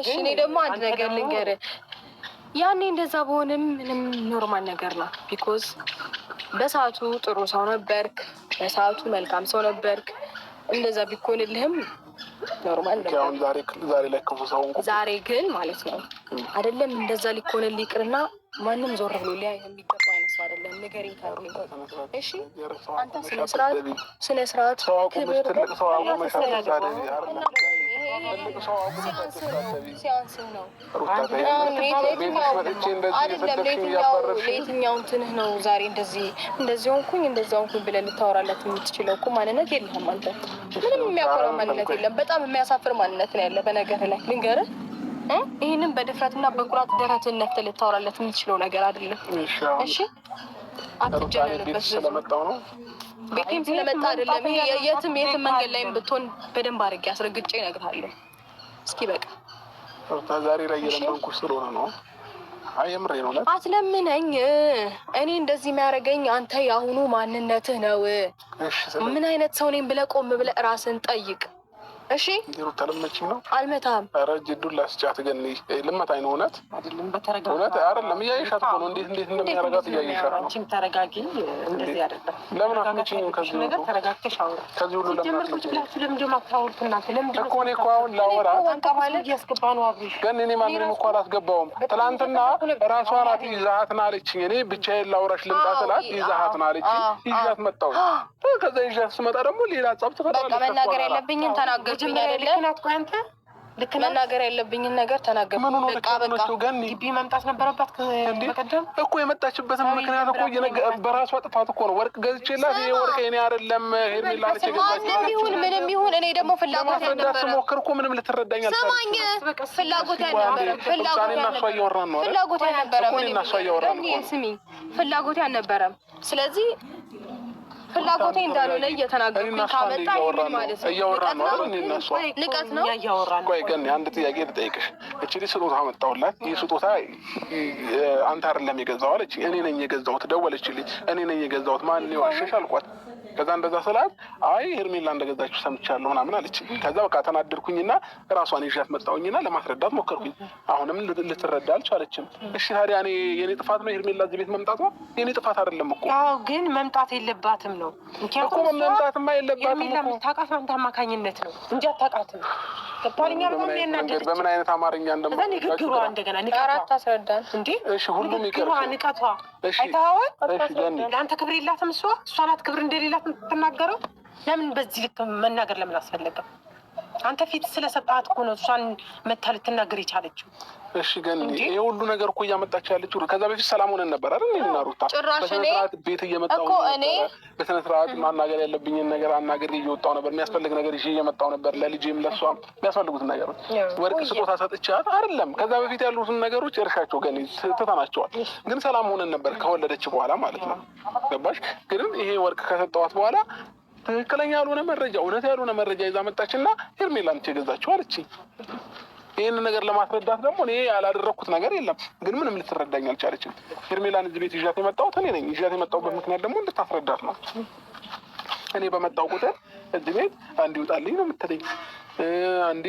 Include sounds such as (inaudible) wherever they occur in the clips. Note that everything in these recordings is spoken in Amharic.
እሺ፣ እኔ ደግሞ አንድ ነገር ልንገር። ያኔ እንደዛ በሆነም ምንም ኖርማል ነገር ነው። ቢኮዝ በሰዓቱ ጥሩ ሰው ነበርክ፣ በሰዓቱ መልካም ሰው ነበርክ። እንደዛ ቢኮንልህም ዛሬ ግን ማለት ነው አይደለም እንደዛ ሊኮንል ይቅርና ማንም ዞር ብሎ ሊያ የሚገባ አይነት ሰው አይደለም። ነገር እሺ፣ አንተ ስነስርዓት፣ ስነስርዓት፣ ክብር ለየትኛውን ትንህ ነው ዛሬ እንደዚህ እንደዚህ ሆንኩኝ እንደዛ ሆንኩኝ ብለህ ልታወራላት የምትችለው እኮ ማንነት የለህም አንተ። ምንም የሚያኮራ ማንነት የለም። በጣም የሚያሳፍር ማንነት ነው ያለ በነገር ላይ ልንገርህ። ይህንን በድፍረትና በኩራት ደረትህን ነፍተህ ልታወራላት የምትችለው ነገር አይደለም። እሺ አትጀነንበት። ስለመጣው ነው ቤቴም ስለመጣ አይደለም ይሄ የትም የትም መንገድ ላይም ብትሆን በደንብ አድርጌ አስረግጬ እነግርሃለሁ። እስኪ በቃ ዛሬ ላይ የለመንኩ ስለሆነ ነው። የምሬ ነው። አትለምነኝ። እኔ እንደዚህ የሚያደርገኝ አንተ የአሁኑ ማንነትህ ነው። ምን አይነት ሰው እኔም ብለህ ቆም ብለህ ራስን ጠይቅ። እሺ ተለመችኝ ነው አልመታም። ኧረ ጅዱን ላስጫት ገኒ ልመታኝ ነው እውነት እውነት አይደለም። እያየሻት እኮ ነው እንዴት እንዴት እንደሚያረጋት እያየሻት ነው። ተረጋጊ። እንደዚህ አይደለም። ለምን አትመጪኝም? ከዚህ ሁሉ ተረጋግተሽ አውራ። ከዚህ ሁሉ ለምን ለምንድን አታውሩት? እናንተ ለምንድን እኮ እኮ አሁን ላወራ እያስገባ ነው አብሬሽ ግን እኔ ማንንም እኮ አላስገባውም። ትላንትና ራሷ ናት ይዛሀት ና አለችኝ። እኔ ብቻዬን ላውራሽ ልምጣ ስላት ይዛሀት ና አለችኝ። ይዣት መጣሁ። (gasps) ከዛ ይዣት ስመጣ ደግሞ ሌላ ጸብ ትፈጥራለች። መናገር ያለብኝን ተናገር መናገር ያለብኝን ነገር ተናገር። በቃ በቃ ግቢ መምጣት ነበረባት በቀደም እኮ የመጣችበትን ምክንያት እኮ በራሷ ጥፋት እኮ ነው። ወርቅ ገዝቼላት ይሄ ወርቅ የኔ አይደለም ሄርሜላነች ይሁን ምንም ይሁን እኔ ደግሞ ፍላጎት ለማስረዳት ስሞክር እኮ ምንም ልትረዳኝ አልሰማኝ። ፍላጎት ያልነበረ ፍላጎት ያልነበረ ፍላጎት ያልነበረም ስለዚህ ፍላጎቴ ላይ እየተናገርኩኝ ካመጣ ይህን ማለት ነው እያወራ ነው ንቀት ነው። እያወራ ነው። ቆይ ግን አንድ ጥያቄ ልጠይቅሽ። እቺ ስጦታ መጣሁላት። ይህ ስጦታ አንተ አይደለም የገዛው አለች። እኔ ነኝ የገዛሁት። ልጅ እኔ ነኝ የገዛሁት። ማን ዋሸሽ አልኳት። ከዛ እንደዛ ስላት አይ ሄርሜላ እንደገዛችሁ ሰምቻለሁ ምናምን አለች። ከዛ በቃ ተናደድኩኝና ራሷን ይዣት መጣውኝና ለማስረዳት ሞከርኩኝ። አሁንም ልትረዳ አልቻለችም። እሺ ታዲያ እኔ የኔ ጥፋት ነው ሄርሜላ እዚህ ቤት መምጣቷ? የኔ ጥፋት አይደለም እኮ ግን መምጣት የለባትም ነው እኮ መምጣትማ የለባትም እኮ የምታውቃት በአንተ አማካኝነት ነው እንጂ አታውቃትም በምን አይነት አማርኛ እንደማንግግሯ እንደገና ንቀቷ አስረዳን። እንዴ ሁሉም ይቅር ንቀቷ አይተኸዋል። ለአንተ ክብር የላትም እሷ እሷ ናት ክብር እንደሌላት የምትናገረው። ለምን በዚህ ልክ መናገር ለምን አስፈለገም? አንተ ፊት ስለሰጣት እኮ ነው እሷን መታ ልትናገር የቻለችው። እሺ ግን ይሄ ሁሉ ነገር እኮ እያመጣች ያለችው ከዛ በፊት ሰላም ሆነን ነበር አይደል? እኔና ሩታ በስነስርዓት ቤት እየመጣሁ በስነስርዓት ማናገር ያለብኝን ነገር አናገር እየወጣሁ ነበር። የሚያስፈልግ ነገር ይዤ እየመጣሁ ነበር፣ ለልጄም ለእሷም የሚያስፈልጉት ነገር ወርቅ ስጦታ ሰጥቻት አይደለም። ከዛ በፊት ያሉትን ነገሮች እርሻቸው ገ ትተናቸዋል። ግን ሰላም ሆነን ነበር ከወለደች በኋላ ማለት ነው ገባሽ? ግን ይሄ ወርቅ ከሰጠዋት በኋላ ትክክለኛ ያልሆነ መረጃ፣ እውነት ያልሆነ መረጃ ይዛ መጣችና ሄርሜላ ነች የገዛችው አለችኝ። ይህንን ነገር ለማስረዳት ደግሞ እኔ ያላደረግኩት ነገር የለም፣ ግን ምንም ልትረዳኝ አልቻለችም። ሄርሜላን እዚህ ቤት ይዣት የመጣሁት እኔ ነኝ። ይዣት የመጣሁበት ምክንያት ደግሞ እንድታስረዳት ነው። እኔ በመጣው ቁጥር እዚህ ቤት አንድ ይውጣልኝ ነው የምትለኝ። አንዴ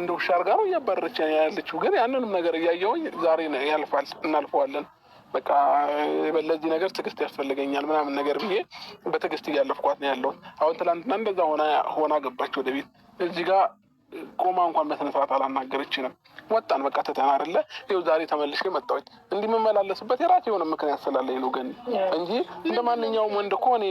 እንደ ውሻ አድርጋ ነው እያባረረች ያለችው። ግን ያንንም ነገር እያየውኝ ዛሬ ያልፋል፣ እናልፈዋለን በቃ በለዚህ ነገር ትዕግስት ያስፈልገኛል ምናምን ነገር ብዬ በትዕግስት እያለፍኳት ነው ያለሁት። አሁን ትላንትና እንደዛ ሆና ገባች ወደ ቤት እዚህ ጋር ቆማ እንኳን በስነስርዓት አላናገረችንም። ወጣን በቃ ትተን አይደለ ይኸው ዛሬ ተመልሼ መጣሁኝ። እንዲህ የምመላለስበት የራሴ የሆነ ምክንያት ስላለኝ ነው ግን እንጂ እንደ ማንኛውም ወንድ እኮ እኔ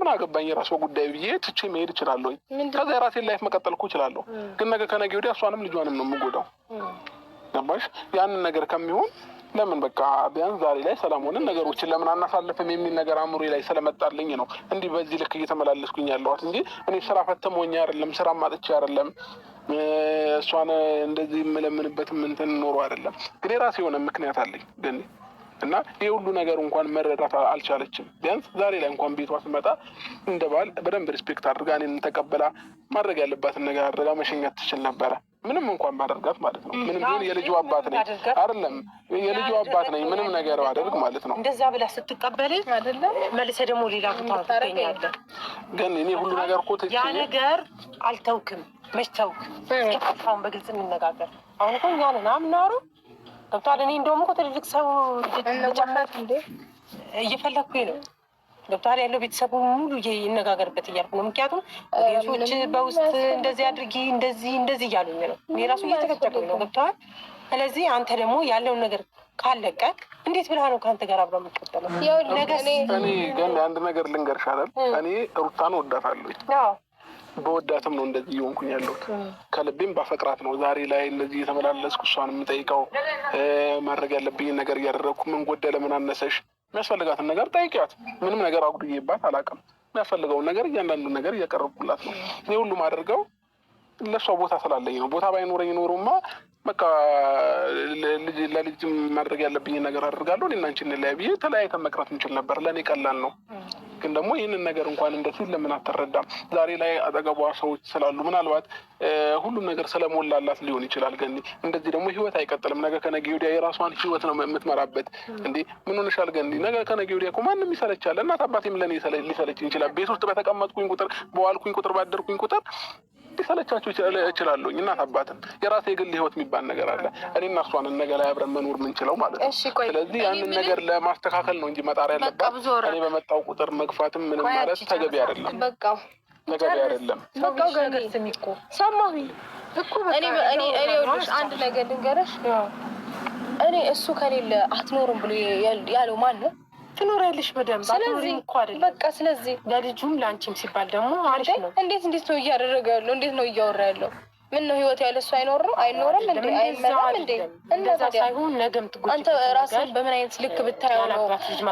ምን አገባኝ የራሷ ጉዳይ ብዬ ትቼ መሄድ እችላለሁኝ። ከዛ የራሴን ላይፍ መቀጠል እኮ እችላለሁ። ግን ነገ ከነገ ወዲያ እሷንም ልጇንም ነው የምጎዳው። ገባሽ? ያንን ነገር ከሚሆን ለምን በቃ ቢያንስ ዛሬ ላይ ሰላም ሆነን ነገሮችን ለምን አናሳልፍም የሚል ነገር አእምሮ ላይ ስለመጣልኝ ነው እንዲህ በዚህ ልክ እየተመላለስኩኝ ያለዋት እንጂ እኔ ስራ ፈተም ሆኜ አይደለም፣ ስራ ማጥቼ አይደለም እሷን እንደዚህ የምለምንበት ምንትን ኖሮ አይደለም። ግን የራሴ የሆነ ምክንያት አለኝ ግን እና ይህ ሁሉ ነገር እንኳን መረዳት አልቻለችም። ቢያንስ ዛሬ ላይ እንኳን ቤቷ ስመጣ እንደ ባል በደንብ ሪስፔክት አድርጋ እኔን ተቀበላ ማድረግ ያለባትን ነገር አድርጋ መሸኛት ትችል ነበረ። ምንም እንኳን ባደርጋት ማለት ነው። ምንም ቢሆን የልጁ አባት ነኝ አይደለም፣ የልጁ አባት ነኝ። ምንም ነገር አደርግ ማለት ነው። እንደዛ ብላ ስትቀበል አይደለም፣ መልሰ ደግሞ ሌላ ቦታ ትገኛለህ። ግን እኔ ሁሉ ነገር እኮ ያ ነገር አልተውክም። መች ተውክ? ሁን በግልጽ የሚነጋገር አሁን እኮ እኛን ና ምናሩ ገብቷል። እኔ እንደውም እኮ ትልልቅ ሰው እንዴ እየፈለግኩኝ ነው ዶክተር ያለው ቤተሰቡ ሙሉ ይነጋገርበት እያልኩ ነው። ምክንያቱም ሌሎች በውስጥ እንደዚህ አድርጊ እንደዚህ እንደዚህ እያሉኝ ነው። እኔ ራሱ እየተከተሉኝ ነው። ገብተዋል። ስለዚህ አንተ ደግሞ ያለውን ነገር ካለቀቅ እንዴት ብለህ ነው ከአንተ ጋር አብረ የሚቀጠለው? እኔ ግን አንድ ነገር ልንገርሽ እኔ ሩታን ወዳታለሁኝ። በወዳትም ነው እንደዚህ እየሆንኩኝ ያለሁት። ከልቤም ባፈቅራት ነው ዛሬ ላይ እንደዚህ እየተመላለስኩ እሷን የምጠይቀው ማድረግ ያለብኝ ነገር እያደረግኩ ምን ጎደለ ምን አነሰሽ የሚያስፈልጋትን ነገር ጠይቂያት። ምንም ነገር አጉድዬባት አላውቅም። የሚያስፈልገውን ነገር እያንዳንዱን ነገር እያቀረብኩላት ነው። እኔ ሁሉም አድርገው ለእሷ ቦታ ስላለኝ ነው። ቦታ ባይኖረኝ ኖሮማ በቃ ለልጅ ማድረግ ያለብኝን ነገር አድርጋለሁ። እኔና አንቺ እንለያይ ብዬ ተለያይተን መቅረት እንችል ነበር። ለእኔ ቀላል ነው። ግን ደግሞ ይህንን ነገር እንኳን እንደ ፊት ለምን አትረዳም? ዛሬ ላይ አጠገቧ ሰዎች ስላሉ ምናልባት ሁሉም ነገር ስለሞላላት ሊሆን ይችላል። ገኒ እንደዚህ ደግሞ ህይወት አይቀጥልም። ነገ ከነገ ወዲያ የራሷን ህይወት ነው የምትመራበት። እንዴ ምን ሆነሻል ገኒ? ነገ ከነገ ወዲያ እኮ ማንም ይሰለቻል። እናት አባቴም ለእኔ ሊሰለች ይችላል። ቤት ውስጥ በተቀመጥኩኝ ቁጥር፣ በዋልኩኝ ቁጥር፣ ባደርኩኝ ቁጥር ሊሰለቻቸው እችላለሁኝ። እናት አባትን የራሴ የግል ህይወት የሚባል ነገር አለ። እኔና እሷንን ነገር ላይ አብረን መኖር የምንችለው ማለት ነው። ስለዚህ ያንን ነገር ለማስተካከል ነው እንጂ መጣር ያለባት እኔ በመጣው ቁጥር መግፋትም ምንም ማለት ተገቢ አይደለም። ተገቢ አይደለም። ሰማሁኝ እኮ አንድ ነገር ልንገረሽ። እኔ እሱ ከሌለ አትኖርም ብሎ ያለው ማን ነው? ትኖሪያለሽ በደንብ አትኖሪም እኮ አይደለም። በቃ ስለዚህ ለልጁም ለአንቺም ሲባል ደግሞ አሪፍ ነው። እንዴት እንዴት ነው እያደረገ ያለው? እንዴት ነው እያወራ ያለው? ምን ነው ህይወት ያለ እሱ አይኖርም አይኖርም እንዴ አይመራም እንዴ? እና ታዲያ አንተ ራስህን በምን አይነት ልክ ብታየው ነው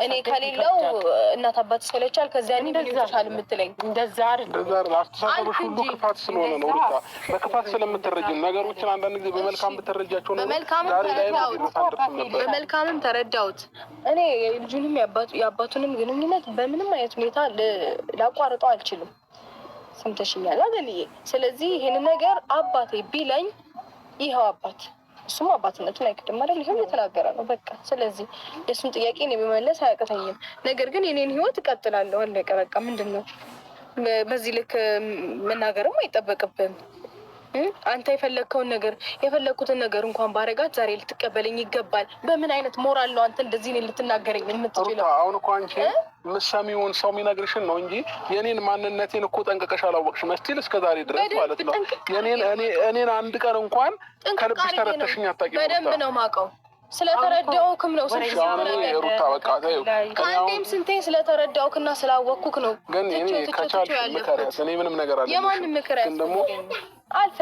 እኔ ከሌለው እናት አባት ስለቻል ከዚያ ኔ ይሻል የምትለኝ? እንደዛ አስተሳሰቦች ሁሉ ክፋት ስለሆነ ነው። ሩታ በክፋት ስለምትረጅ ነገሮችን አንዳንድ ጊዜ በመልካም ብትረጃቸው በመልካምም ተረዳሁት። እኔ ልጁንም የአባቱንም ግንኙነት በምንም አይነት ሁኔታ ላቋርጠው አልችልም። ሰምተሽኛል አደልዬ? ስለዚህ ይህን ነገር አባቴ ቢለኝ ይኸው አባት እሱም አባትነቱን አይክድም አይደል? ይኸው እየተናገረ ነው። በቃ ስለዚህ የእሱን ጥያቄ እኔ መመለስ አያቅተኝም። ነገር ግን የኔን ህይወት እቀጥላለሁ። አለቀ በቃ። ምንድን ነው በዚህ ልክ መናገርም አይጠበቅብም። አንተ የፈለግከውን ነገር የፈለግኩትን ነገር እንኳን ባረጋት ዛሬ ልትቀበለኝ ይገባል። በምን አይነት ሞራል ነው አንተ እንደዚህ እኔን ልትናገረኝ የምትችለው? አሁን እኮ አንቺ ምሰሚውን ሰው የሚነግርሽን ነው እንጂ የኔን ማንነቴን እኮ ጠንቅቀሽ አላወቅሽ መስቲል እስከ ዛሬ ድረስ ማለት ነው እኔን አንድ ቀን እንኳን ከልብሽ ተረተሽኝ አታውቂም። በደንብ ነው የማውቀው ስለተረዳውክም ነው ስሩታ በቃ ከአንዴም ስንቴ ስለተረዳውክና ስላወቅኩክ ነው። ግን ከቻልሽ ምክረት እኔ ምንም ነገር አለ የማንም ግን ደግሞ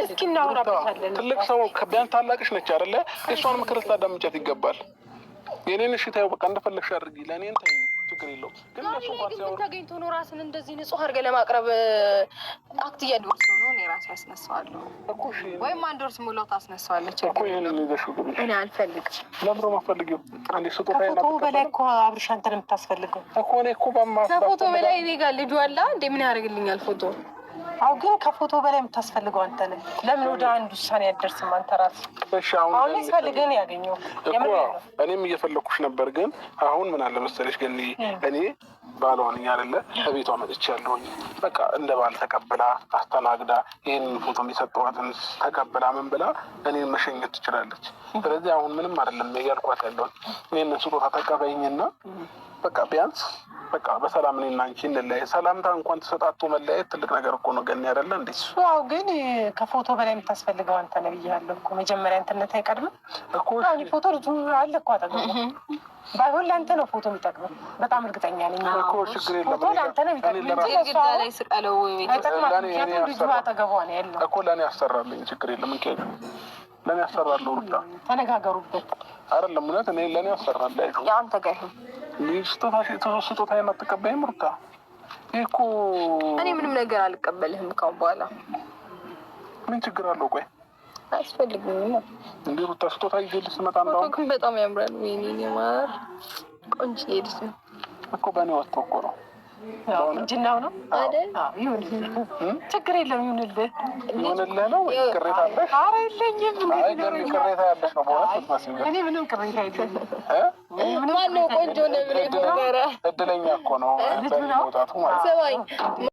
እስኪ እናወራበታለን። ትልቅ ሰው ቢያንስ ታላቅሽ ነች አይደለ? የእሷን ምክር ልታዳምጫት ይገባል። የኔን እሺ ታዩ በቃ እንደፈለግሽ አድርጊ፣ ለእኔን ታይ ችግር የለውም። ግን እሱ ተገኝቶ ነው ራስን እንደዚህ ንጹህ አድርገህ ለማቅረብ አክት እያደወርስ ነው። እኔ ራሴ አስነሳዋለሁ ወይም አንድ ወርስ ሙላው ታስነሳዋለች እኔ አልፈልግም። ለምሮ ማፈልጊው ከፎቶ በላይ እኮ አብርሽ አንተን የምታስፈልገው እኮ እኮ ከፎቶ በላይ እኔ ጋር ልጁ አላ እንዴ ምን ያደርግልኛል ፎቶ አሁን ግን ከፎቶ በላይ የምታስፈልገው አንተ ነህ። ለምን ወደ አንድ ውሳኔ ያደርስም አንተ ራስህ። እሺ አሁን ፈልገን ያገኘው እኔም እየፈለኩሽ ነበር፣ ግን አሁን ምን አለ መሰለሽ ግን እኔ ባለሆንኛ አለ ከቤቷ መጥቼ ያለሁኝ በቃ እንደ ባል ተቀብላ አስተናግዳ ይህን ፎቶ የሚሰጠዋትን ተቀብላ ምን ብላ እኔን መሸኘት ትችላለች። ስለዚህ አሁን ምንም አይደለም እያልኳት ያለሁኝ ይህንን ስጦታ ተቀበይኝና በቃ ቢያንስ በቃ በሰላም እኔና አንቺ እንለያይ። ሰላምታ እንኳን ተሰጣጡ መለያየት ትልቅ ነገር እኮ ነው። ገኒ፣ ያደለ እንዴ እሱ። ግን ከፎቶ በላይ የምታስፈልገው አንተ ነህ ብያለሁ እኮ መጀመሪያ እንትነት አይቀድምም እኮ። ፎቶ ልጁ አለ እኮ አጠገቡ። ባይሆን ለአንተ ነው ፎቶ የሚጠቅመው፣ በጣም እርግጠኛ ነኝ እኮ። ችግር የለም ፎቶ ለአንተ ነው የሚጠቅመው ስቀለው አይጠቅማት። ልጁ አጠገቧ ነው ያለው እኮ። ለእኔ ያሰራልኝ ችግር የለም እንኪ ለእኔ ያሰራለሁ። ሩታ ተነጋገሩበት። አይደለም እውነት እኔ ለእኔ ያሰራል ያንተ አንተ ጋር ይሁን ይህ ስጦታ የማትቀበይም ሩታ እኮ እኔ ምንም ነገር አልቀበልህም ካሁን በኋላ ምን ችግር አለው? ቆይ አያስፈልግም። እንደ ሩታ ስጦታ ይዤልሽ ስመጣ እንዳውም በጣም ያምራል። ወይኔ ማር ቆንጆ ልጅ እኮ በእኔ ወጥቶ እኮ ነው እንጅናው ነው አይደል? ችግር የለም ይሁንልህ። ይሁንልህ ነው ወይ ቅሬታ አለሽ? ኧረ የለኝም። ቅሬታ ያለሽ ነው። እኔ ምንም ቅሬታ የለኝም። ማነው ቆንጆ ነው እድለኛ እኮ ነው ማለት ነው።